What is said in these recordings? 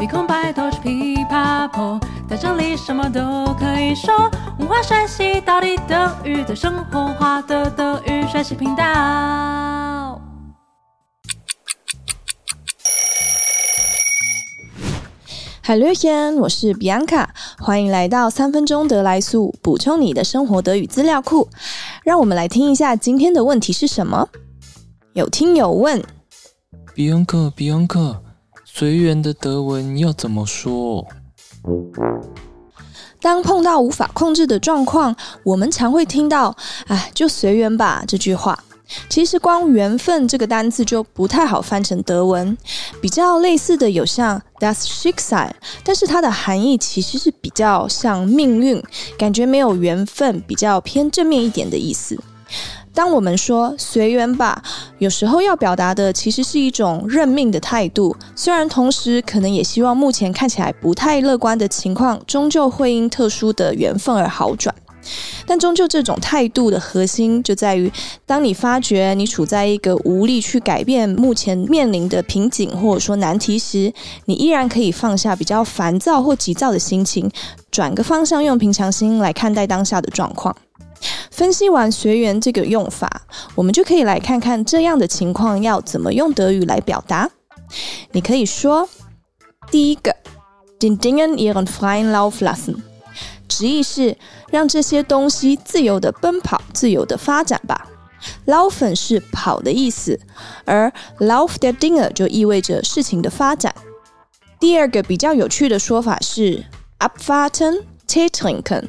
Hello，呀，我是 Bianca，歡迎來到三分鐘德來速，補充你的生活德語資料庫。讓我們來聽一下今天的問題是什麼？有聽友問：Bianca，Bianca。隨緣的德文要怎麼說？當碰到無法控制的狀況，我們常會聽到“哎，就隨緣吧”這句話。其實，光“緣分”這個單字就不太好翻成德文，比較類似的有像 “das Schicksal”，但是它的含義其實是比較像命運，感覺沒有緣分，比較偏正面一點的意思。當我們說隨緣吧，有時候要表達的其實是一種認命的態度，雖然同時可能也希望目前看起來不太樂觀的情況，終究會因特殊的緣分而好轉。但終究，這種態度的核心就在於，當你發覺你處在一個無力去改變目前面臨的瓶頸或者說難題時，你依然可以放下比較煩躁或急躁的心情，轉個方向，用平常心來看待當下的狀況。分析完「隨緣」這個用法，我們就可以來看看這樣的情況要怎麼用德語來表達。你可以說：“第一個，den Dingen ihren freien Lauf lassen”，直譯是“讓這些東西自由的奔跑，自由的發展吧”。Laufen 是跑的意思，而 Lauf der Dinge 就意味着事情的發展。第二個比較有趣的說法是「Abwarten, Tee trinken」。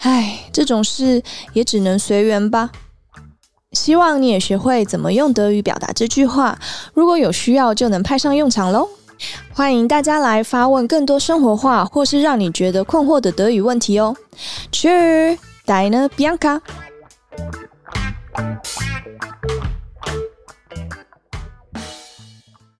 唉，這種事也只能隨緣吧。希望你也學會怎麼用德語表達這句話，如果有需要就能派上用場嘍。歡迎大家來發問更多生活化或是讓你覺得困惑的德語問題哦。Cheers, Diana Bianca。